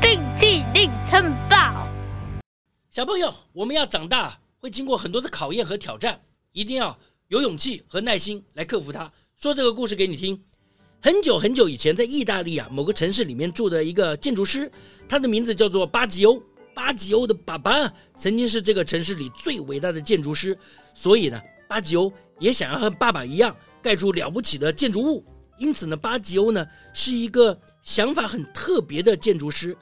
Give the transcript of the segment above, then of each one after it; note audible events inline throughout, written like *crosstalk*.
冰淇淋城堡。小朋友，我們要長大，會經過很多的考驗和挑戰，一定要有勇氣和耐心來克服它。說這個故事給你聽。很久很久以前，在意大利啊某個城市裡面住的一個建築師，他的名字叫做巴吉歐。巴吉歐的爸爸曾經是這個城市裡最偉大的建築師，所以呢，巴吉歐也想要和爸爸一樣蓋出了不起的建築物。因此呢，巴吉歐呢是一個想法很特別的建築師。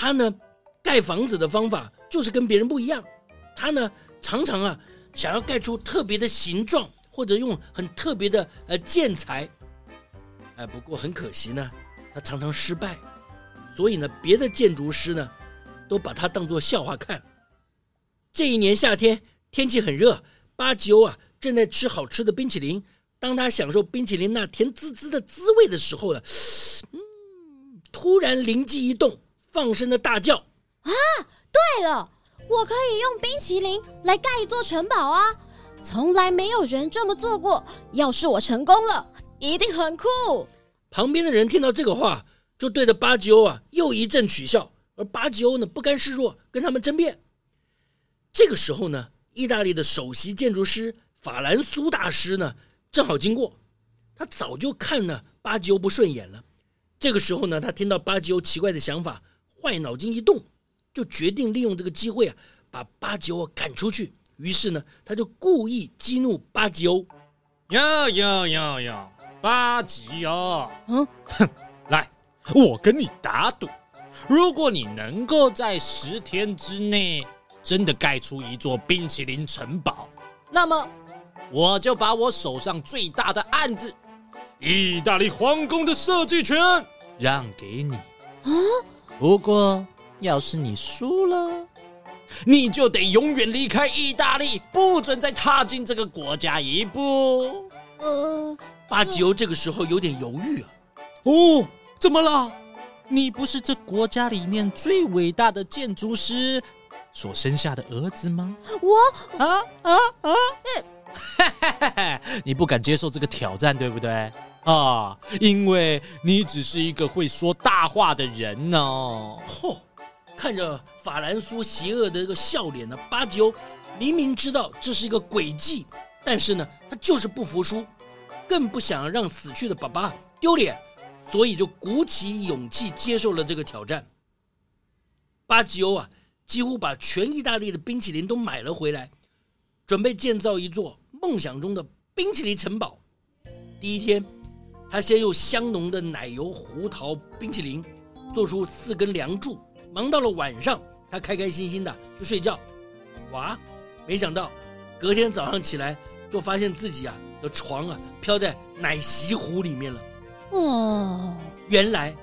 他呢，蓋房子的方法就是跟別人不一樣。他呢，常常啊，想要蓋出特別的形狀，或者用很特別的呃建材，哎，不過很可惜呢，他常常失敗。所以呢，別的建築師呢，都把他當做笑話看。這一年夏天，天氣很熱，巴吉歐啊正在吃好吃的冰淇淋。當他享受冰淇淋那甜滋滋的滋味的時候呢，嗯，突然靈機一動。放聲的大叫啊！對了，我可以用冰淇淋來蓋一座城堡啊！從來沒有人這麼做過。要是我成功了，一定很酷。旁邊的人聽到這個話，就對着巴吉歐啊又一陣取笑。而巴吉歐呢，不甘示弱，跟他們爭辯。這個時候呢，意大利的首席建築師法蘭蘇大師呢，正好經過。他早就看了巴吉歐不順眼了。這個時候呢，他聽到巴吉歐奇怪的想法。壞腦筋一動，就決定利用這個機會啊，把巴吉歐趕出去。於是呢，他就故意激怒巴吉歐。呀呀呀呀，巴吉歐，嗯，哼，來，我跟你打賭，如果你能夠在十天之內真的蓋出一座冰淇淋城堡，那麼我就把我手上最大的案子——意大利皇宮的設計權讓給你。啊、嗯。不過，要是你輸了，你就得永遠離開意大利，不准再踏進這個國家一步。呃，阿吉歐這個時候有點猶豫啊。哦，怎麼了？你不是這國家裡面最偉大的建築師所生下的兒子嗎？我啊啊啊！嘿嘿嘿嘿，嗯、 *laughs* 你不敢接受這個挑戰，對不對？啊，因為你只是一個會說大話的人呢、哦哦。看着法蘭蘇邪惡的這個笑臉的、啊、巴吉歐，明明知道這是一個詭計，但是呢，他就是不服輸，更不想讓死去的爸爸丟臉，所以就鼓起勇氣接受了這個挑戰。巴吉歐啊，幾乎把全意大利的冰淇淋都買了回來，準備建造一座夢想中的冰淇淋城堡。第一天。他先用香濃的奶油胡桃冰淇淋做出四根樑柱，忙到了晚上，他開開心心的去睡覺。哇，沒想到隔天早上起來，就發現自己啊的床啊飄在奶昔湖裡面了。哦，原來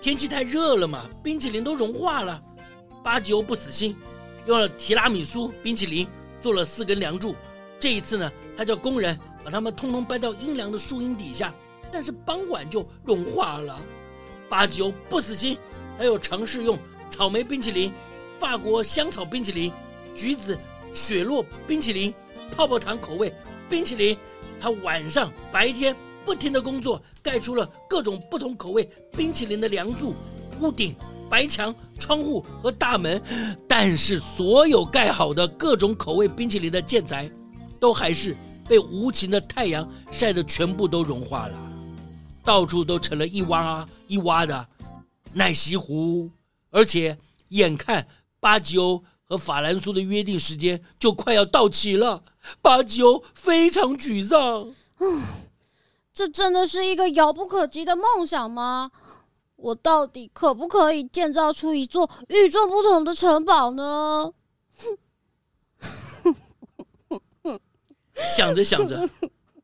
天氣太熱了嘛，冰淇淋都融化了。巴吉歐不死心，用了提拉米蘇冰淇淋做了四根樑柱。這一次呢，他叫工人把它們通通搬到陰涼的樹蔭底下。但是傍晚就融化了。八九不死心，他又嘗試用草莓冰淇淋、法國香草冰淇淋、橘子雪酪冰淇淋、泡泡糖口味冰淇淋。他晚上白天不停的工作，蓋出了各種不同口味冰淇淋的梁柱、屋頂、白牆、窗戶和大門。但是所有蓋好的各種口味冰淇淋的建材，都還是被無情的太陽曬得全部都融化了。到處都成了一窪一窪的奶昔湖，而且眼看巴吉歐和法蘭蘇的約定時間就快要到期了，巴吉歐非常沮喪。這真的是一個遙不可及的夢想嗎？我到底可不可以建造出一座與眾不同的城堡呢？哼， *laughs* 想着想着，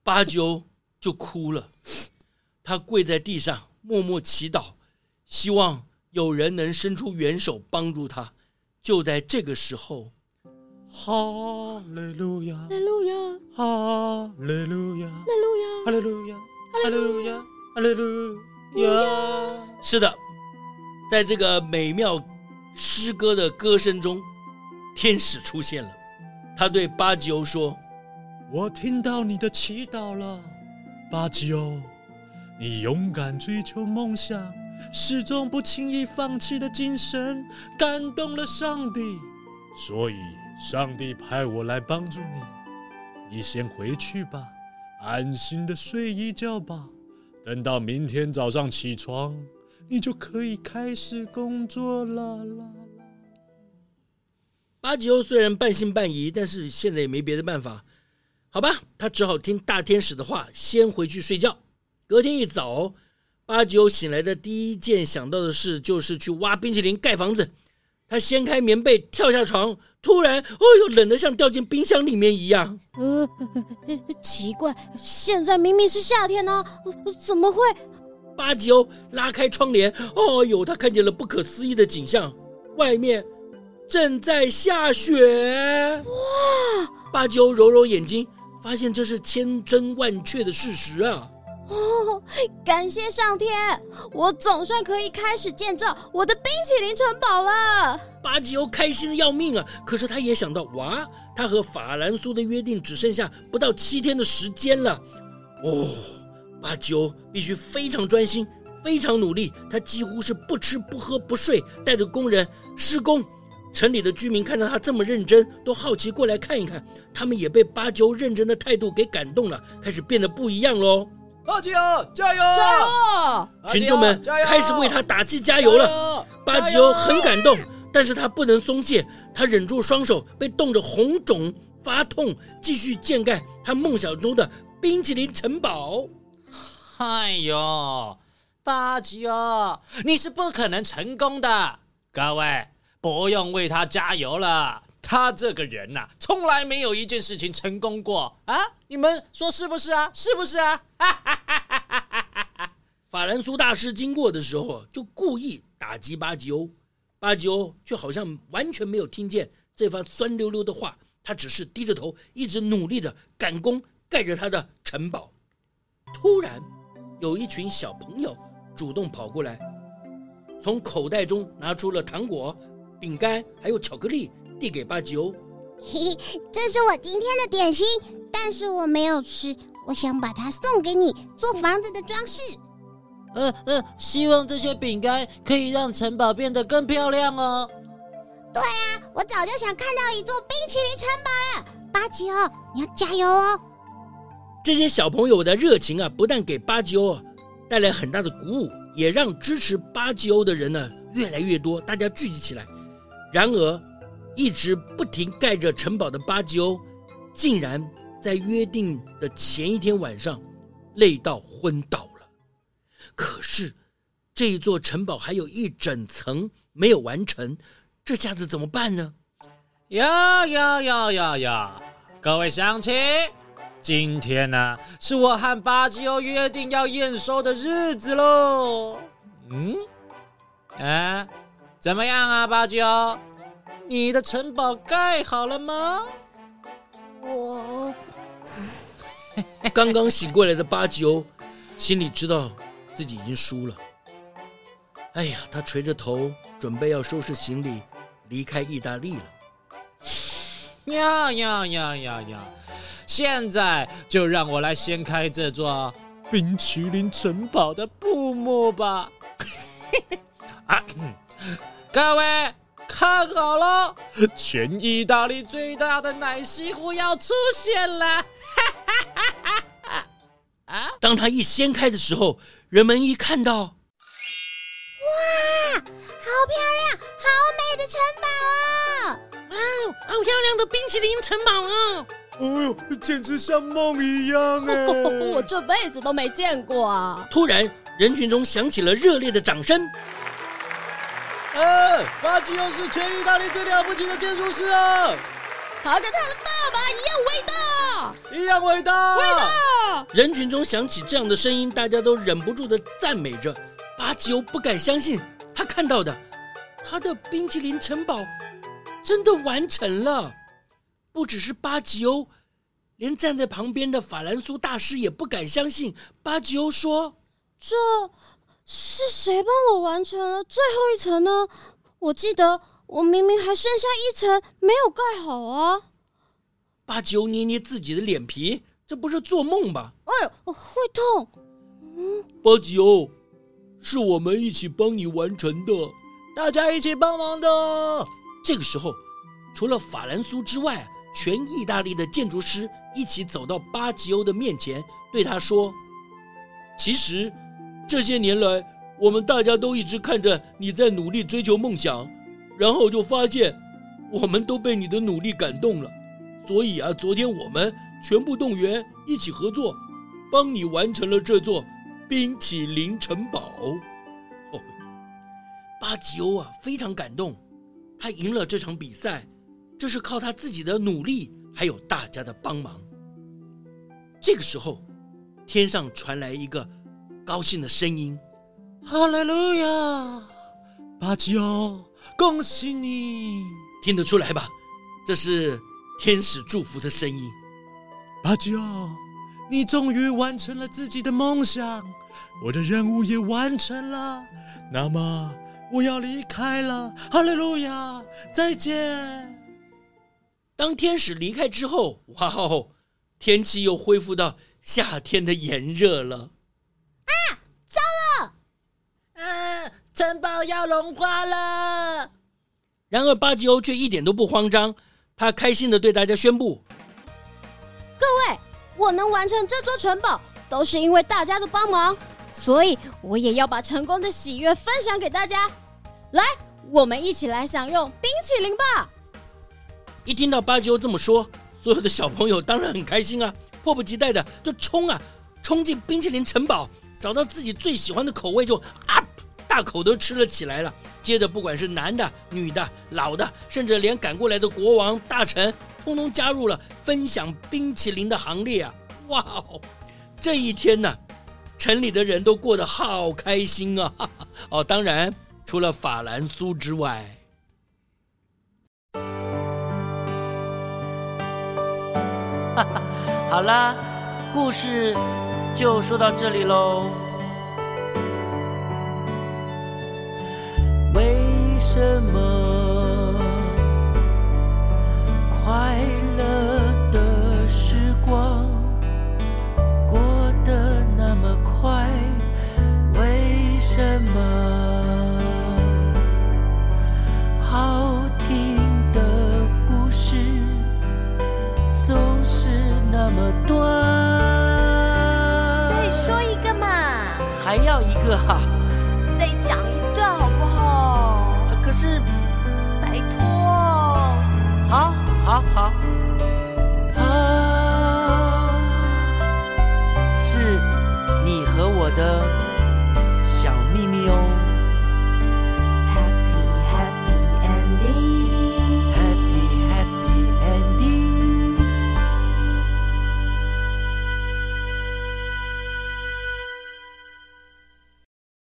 巴吉歐就哭了。他跪在地上默默祈禱，希望有人能伸出援手幫助他。就在這個時候，哈利路亞，哈利路亞，哈利路亞，哈利路亞，哈利路亞，哈利路亞，哈利路亞。是的，在這個美妙詩歌的歌聲中，天使出現了。他對巴基歐說：“我聽到你的祈禱了，巴基歐。”你勇敢追求夢想，始終不輕易放棄的精神感動了上帝，所以上帝派我來幫助你。你先回去吧，安心的睡一覺吧。等到明天早上起床，你就可以開始工作啦啦啦。巴吉歐雖然半信半疑，但是現在也沒別的辦法，好吧，他只好聽大天使的話，先回去睡覺。隔天一早，巴吉歐醒來的第一件想到的事就是去挖冰淇淋蓋房子。他掀開棉被，跳下床，突然，哦喲，冷得像掉進冰箱裡面一樣。呃，奇怪，現在明明是夏天呢、啊，怎麼會？巴吉歐拉開窗簾，哦喲，他看見了不可思議的景象，外面正在下雪。哇！巴吉歐揉揉眼睛，發現這是千真萬確的事實啊。哦，感謝上天，我總算可以開始建造我的冰淇淋城堡了。巴基歐開心的要命啊！可是他也想到，哇，他和法蘭蘇的約定只剩下不到七天的時間了。哦，巴基歐必須非常專心，非常努力。他幾乎是不吃不喝不睡，帶着工人施工。城裡的居民看到他這麼認真，都好奇過來看一看。他們也被巴基歐認真的態度給感動了，開始變得不一樣嘍。巴吉歐加油，加油！加油！群眾衆們，開始為他打氣加油了。油巴吉歐很感動，但是他不能鬆懈，他忍住雙手被凍着紅腫發痛，繼續建蓋他夢想中的冰淇淋城堡。嗨、哎、喲，巴吉歐，你是不可能成功的。各位，不用為他加油了。他這個人吶、啊,從來沒有一件事情成功過啊！你們說是不是啊？是不是啊？ *laughs* 法蘭蘇大師經過的時候，就故意打擊巴吉歐，巴吉歐卻好像完全沒有聽見這番酸溜溜的話，他只是低着頭，一直努力的趕工蓋着他的城堡。突然，有一群小朋友主動跑過來，從口袋中拿出了糖果、餅乾，還有巧克力。遞給巴吉歐，嘿嘿，這是我今天的點心，但是我沒有吃，我想把它送給你做房子的裝飾。嗯嗯、呃呃，希望這些餅乾可以讓城堡變得更漂亮哦。對啊，我早就想看到一座冰淇淋城堡了，巴吉歐，你要加油哦！這些小朋友的熱情啊，不但給巴吉歐、啊、帶來很大的鼓舞，也讓支持巴吉歐的人呢、啊、越來越多，大家聚集起來。然而。一直不停蓋着城堡的巴基歐，竟然在約定的前一天晚上累到昏倒了。可是這一座城堡還有一整層沒有完成，這下子怎麼辦呢？呀呀呀呀呀！各位鄉親，今天呢是我和巴基歐約定要驗收的日子嘍。嗯，啊，怎麼樣啊，巴基歐？你的城堡蓋好了嗎？我 *laughs* 剛剛醒過來的巴吉歐，心裡知道自己已經輸了。哎呀，他垂着頭，準備要收拾行李離開意大利了。呀呀呀呀呀！現在就讓我來掀開這座冰淇淋城堡的布幕吧！啊， *laughs* 各位。看好了，全意大利最大的奶西湖要出現了！哈哈哈啊！當它一掀開的時候，人們一看到，哇，好漂亮，好美的城堡啊、哦！哇、哦，好漂亮的冰淇淋城堡啊、哦！哦，簡直像夢一樣，呵呵呵我這輩子都沒見過。突然，人群中響起了熱烈的掌聲。嗯、啊，巴吉歐是全意大利最了不起的建築師啊！他跟他的爸爸一樣偉大，一樣偉大，偉大！人群中響起這樣的聲音，大家都忍不住的讚美着。巴吉歐不敢相信他看到的，他的冰淇淋城堡真的完成了。不只是巴吉歐，連站在旁邊的法蘭蘇大師也不敢相信。巴吉歐說：“這。”是誰幫我完成了最後一層呢？我記得我明明還剩下一層沒有蓋好啊！巴吉歐捏捏自己的臉皮，這不是做夢吧？哎呦，我會痛！嗯，巴吉歐，是我們一起幫你完成的，大家一起幫忙的。這個時候，除了法蘭蘇之外，全意大利的建築師一起走到巴吉歐的面前，對他說：“其實。”這些年來，我們大家都一直看着你在努力追求夢想，然後就發現，我們都被你的努力感動了。所以啊，昨天我們全部動員，一起合作，幫你完成了這座冰淇淋城堡。哦，巴吉歐啊，非常感動。他贏了這場比賽，這是靠他自己的努力，還有大家的幫忙。這個時候，天上傳來一個高興的聲音，哈利路亞，巴吉奧，恭喜你，聽得出來吧？這是天使祝福的聲音，巴吉奧，你終於完成了自己的夢想，我的任務也完成了，那麼我要離開了，哈利路亞，再見。當天使離開之後，哇哦，天氣又恢復到夏天的炎熱了。城堡要融化了，然而巴基歐卻一點都不慌張，他開心的對大家宣布：“各位，我能完成這座城堡，都是因為大家的幫忙，所以我也要把成功的喜悅分享給大家。來，我們一起來享用冰淇淋吧！”一聽到巴基歐這麼說，所有的小朋友當然很開心啊，迫不及待的就衝啊，衝進冰淇淋城堡，找到自己最喜歡的口味就啊！大口都吃了起來了，接着不管是男的、女的、老的，甚至連趕過來的國王、大臣，通通加入了分享冰淇淋的行列啊！哇哦，這一天呢，城裡的人都過得好開心啊！哈哈，哦，當然除了法蘭蘇之外。 *noise* 好啦，故事就說到這裡嘍。什麼？真